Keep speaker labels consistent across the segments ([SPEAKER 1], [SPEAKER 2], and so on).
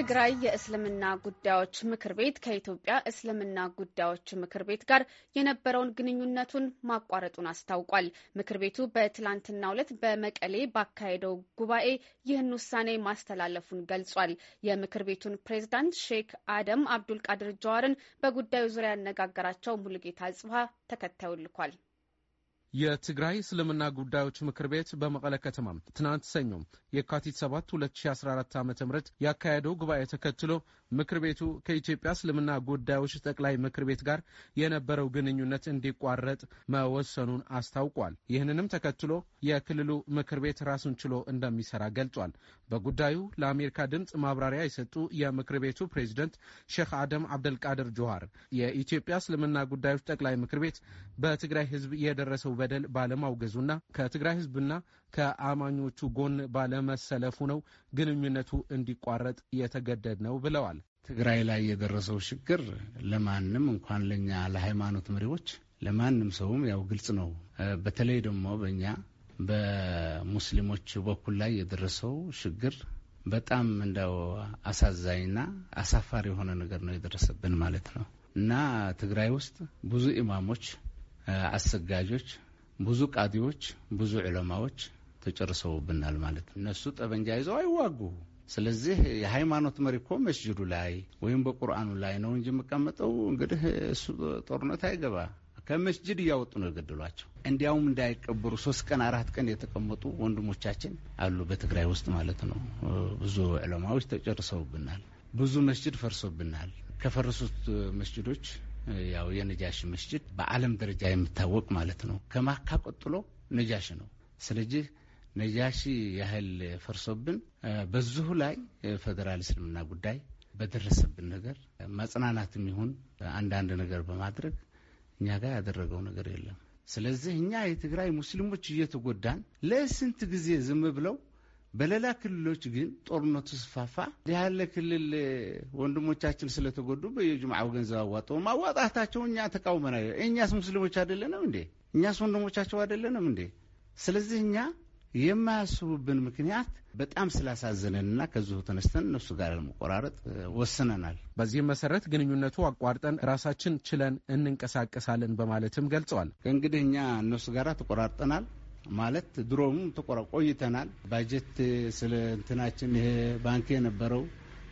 [SPEAKER 1] የትግራይ የእስልምና ጉዳዮች ምክር ቤት ከኢትዮጵያ እስልምና ጉዳዮች ምክር ቤት ጋር የነበረውን ግንኙነቱን ማቋረጡን አስታውቋል። ምክር ቤቱ በትላንትናው ዕለት በመቀሌ ባካሄደው ጉባኤ ይህን ውሳኔ ማስተላለፉን ገልጿል። የምክር ቤቱን ፕሬዝዳንት ሼክ አደም አብዱልቃድር ጀዋርን በጉዳዩ ዙሪያ ያነጋገራቸው ሙሉጌታ ጽብሃ ተከታዩን ልኳል።
[SPEAKER 2] የትግራይ እስልምና ጉዳዮች ምክር ቤት በመቀለ ከተማ ትናንት ሰኞ የካቲት 7 2014 ዓ ም ያካሄደው ጉባኤ ተከትሎ ምክር ቤቱ ከኢትዮጵያ እስልምና ጉዳዮች ጠቅላይ ምክር ቤት ጋር የነበረው ግንኙነት እንዲቋረጥ መወሰኑን አስታውቋል። ይህንንም ተከትሎ የክልሉ ምክር ቤት ራሱን ችሎ እንደሚሰራ ገልጿል። በጉዳዩ ለአሜሪካ ድምፅ ማብራሪያ የሰጡ የምክር ቤቱ ፕሬዚደንት ሼክ አደም አብደልቃድር ጆሃር የኢትዮጵያ እስልምና ጉዳዮች ጠቅላይ ምክር ቤት በትግራይ ህዝብ የደረሰው በደል ባለማውገዙና ከትግራይ ህዝብና ከአማኞቹ ጎን ባለመሰለፉ ነው ግንኙነቱ እንዲቋረጥ የተገደድ ነው ብለዋል።
[SPEAKER 3] ትግራይ ላይ የደረሰው ችግር ለማንም እንኳን ለእኛ ለሃይማኖት መሪዎች ለማንም ሰውም ያው ግልጽ ነው። በተለይ ደግሞ በእኛ በሙስሊሞች በኩል ላይ የደረሰው ችግር በጣም እንደው አሳዛኝና አሳፋሪ የሆነ ነገር ነው የደረሰብን ማለት ነው እና ትግራይ ውስጥ ብዙ ኢማሞች፣ አሰጋጆች ብዙ ቃዲዎች፣ ብዙ ዕለማዎች ተጨርሰውብናል ማለት ነው። እነሱ ጠበንጃ ይዘው አይዋጉ። ስለዚህ የሃይማኖት መሪ እኮ መስጅዱ ላይ ወይም በቁርአኑ ላይ ነው እንጂ የምቀመጠው እንግዲህ እሱ ጦርነት አይገባ ከመስጅድ እያወጡ ነው የገደሏቸው። እንዲያውም እንዳይቀበሩ ሶስት ቀን አራት ቀን የተቀመጡ ወንድሞቻችን አሉ በትግራይ ውስጥ ማለት ነው። ብዙ ዕለማዎች ተጨርሰውብናል። ብዙ መስጅድ ፈርሶብናል። ከፈረሱት መስጅዶች ያው የነጃሽ መስጅድ በዓለም ደረጃ የሚታወቅ ማለት ነው። ከማካ ቀጥሎ ነጃሽ ነው። ስለዚህ ነጃሺ ያህል ፈርሶብን በዚሁ ላይ ፌዴራል እስልምና ጉዳይ በደረሰብን ነገር መጽናናትም ይሁን አንዳንድ ነገር በማድረግ እኛ ጋር ያደረገው ነገር የለም። ስለዚህ እኛ የትግራይ ሙስሊሞች እየተጎዳን ለስንት ጊዜ ዝም ብለው በሌላ ክልሎች ግን ጦርነቱ ስፋፋ ያለ ክልል ወንድሞቻችን ስለተጎዱ በየጅምዓው ገንዘብ አዋጠው ማዋጣታቸው እኛ ተቃውመና፣ እኛስ ሙስሊሞች አይደለንም እንዴ? እኛስ ወንድሞቻቸው አይደለንም እንዴ? ስለዚህ እኛ የማያስቡብን ምክንያት በጣም ስላሳዘነንና ከዚሁ ተነስተን
[SPEAKER 2] እነሱ ጋር ለመቆራረጥ ወስነናል። በዚህም መሰረት ግንኙነቱ አቋርጠን ራሳችን ችለን እንንቀሳቀሳለን በማለትም ገልጸዋል። ከእንግዲህ
[SPEAKER 3] እኛ እነሱ ጋር
[SPEAKER 2] ተቆራርጠናል።
[SPEAKER 3] ማለት ድሮም ተቆረ ቆይተናል። ባጀት ስለ እንትናችን ይሄ ባንክ የነበረው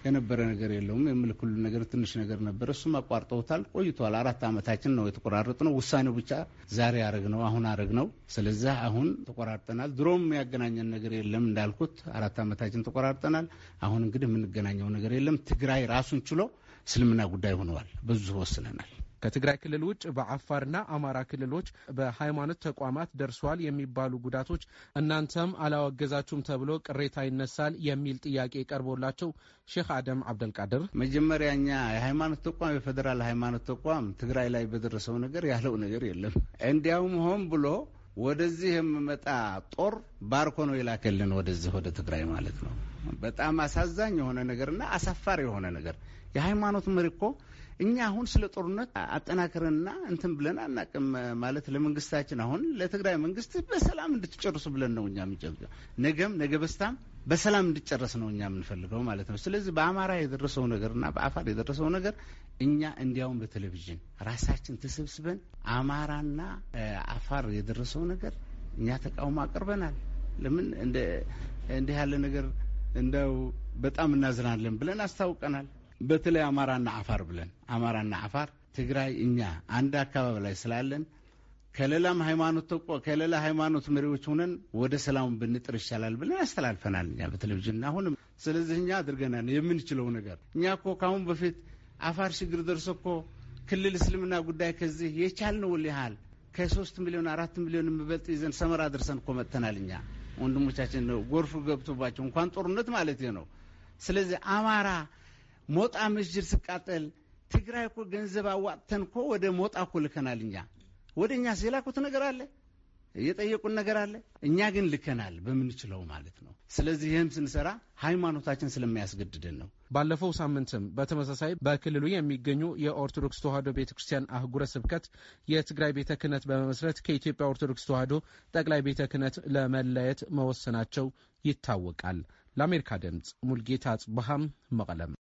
[SPEAKER 3] የነበረ ነገር የለውም የምልክሉ ነገር ትንሽ ነገር ነበር። እሱም አቋርጠውታል ቆይቷል። አራት ዓመታችን ነው የተቆራረጥ ነው። ውሳኔው ብቻ ዛሬ አረግ ነው አሁን አረግ ነው። ስለዚ አሁን ተቆራርጠናል። ድሮም ያገናኘን ነገር የለም እንዳልኩት አራት ዓመታችን ተቆራርጠናል። አሁን እንግዲህ የምንገናኘው ነገር የለም። ትግራይ ራሱን ችሎ እስልምና ጉዳይ ሆነዋል። ብዙ ወስነናል። ከትግራይ
[SPEAKER 2] ክልል ውጭ በአፋርና አማራ ክልሎች በሃይማኖት ተቋማት ደርሷል የሚባሉ ጉዳቶች እናንተም አላወገዛችሁም ተብሎ ቅሬታ ይነሳል የሚል ጥያቄ ቀርቦላቸው ሼክ አደም አብደልቃድር
[SPEAKER 3] መጀመሪያኛ የሃይማኖት ተቋም የፌዴራል ሃይማኖት ተቋም ትግራይ ላይ በደረሰው ነገር ያለው ነገር የለም። እንዲያውም ሆን ብሎ ወደዚህ የምመጣ ጦር ባርኮ ነው የላከልን ወደዚህ ወደ ትግራይ ማለት ነው። በጣም አሳዛኝ የሆነ ነገርና አሳፋሪ የሆነ ነገር የሃይማኖት መሪ እኮ እኛ አሁን ስለ ጦርነት አጠናክረንና እንትን ብለን አናቅም። ማለት ለመንግስታችን አሁን ለትግራይ መንግስት በሰላም እንድትጨርሱ ብለን ነው እኛ የሚጨብጨው። ነገም ነገ በስታም በሰላም እንድጨረስ ነው እኛ የምንፈልገው ማለት ነው። ስለዚህ በአማራ የደረሰው ነገርና በአፋር የደረሰው ነገር እኛ እንዲያውም በቴሌቪዥን ራሳችን ተሰብስበን አማራና አፋር የደረሰው ነገር እኛ ተቃውሞ አቅርበናል። ለምን እንዲህ ያለ ነገር እንደው በጣም እናዝናለን ብለን አስታውቀናል። በተለይ አማራና አፋር ብለን አማራና አፋር ትግራይ እኛ አንድ አካባቢ ላይ ስላለን ከሌላም ሃይማኖት ተቆ ከሌላ ሃይማኖት መሪዎች ሆነን ወደ ሰላም ብንጥር ይሻላል ብለን ያስተላልፈናል እኛ በቴሌቪዥን አሁንም። ስለዚህ እኛ አድርገናል የምንችለው ነገር። እኛ እኮ ከአሁን በፊት አፋር ችግር ደርሶ እኮ ክልል እስልምና ጉዳይ ከዚህ የቻልነውን ያህል ከሶስት ሚሊዮን አራት ሚሊዮን የሚበልጥ ይዘን ሰመራ ደርሰን እኮ መጥተናል። እኛ ወንድሞቻችን ጎርፍ ገብቶባቸው እንኳን ጦርነት ማለት ነው። ስለዚህ አማራ ሞጣ መስጅድ ስቃጠል ትግራይ እኮ ገንዘብ አዋጥተን እኮ ወደ ሞጣ እኮ ልከናል። እኛ ወደ እኛ የላኩት ነገር አለ፣ የጠየቁን ነገር አለ። እኛ ግን ልከናል በምንችለው ማለት ነው። ስለዚህ ይህም ስንሰራ ሃይማኖታችን ስለሚያስገድድን
[SPEAKER 2] ነው። ባለፈው ሳምንትም በተመሳሳይ በክልሉ የሚገኙ የኦርቶዶክስ ተዋሕዶ ቤተ ክርስቲያን አህጉረ ስብከት የትግራይ ቤተ ክህነት በመመስረት ከኢትዮጵያ ኦርቶዶክስ ተዋሕዶ ጠቅላይ ቤተ ክህነት ለመለየት መወሰናቸው ይታወቃል። ለአሜሪካ ድምፅ ሙልጌታ አጽብሃም መቀለም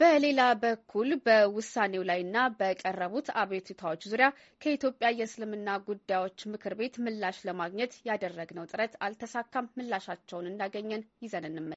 [SPEAKER 1] በሌላ በኩል በውሳኔው ላይና በቀረቡት አቤቱታዎች ዙሪያ ከኢትዮጵያ የእስልምና ጉዳዮች ምክር ቤት ምላሽ ለማግኘት ያደረግነው ጥረት አልተሳካም። ምላሻቸውን እንዳገኘን ይዘን እንመለሳለን።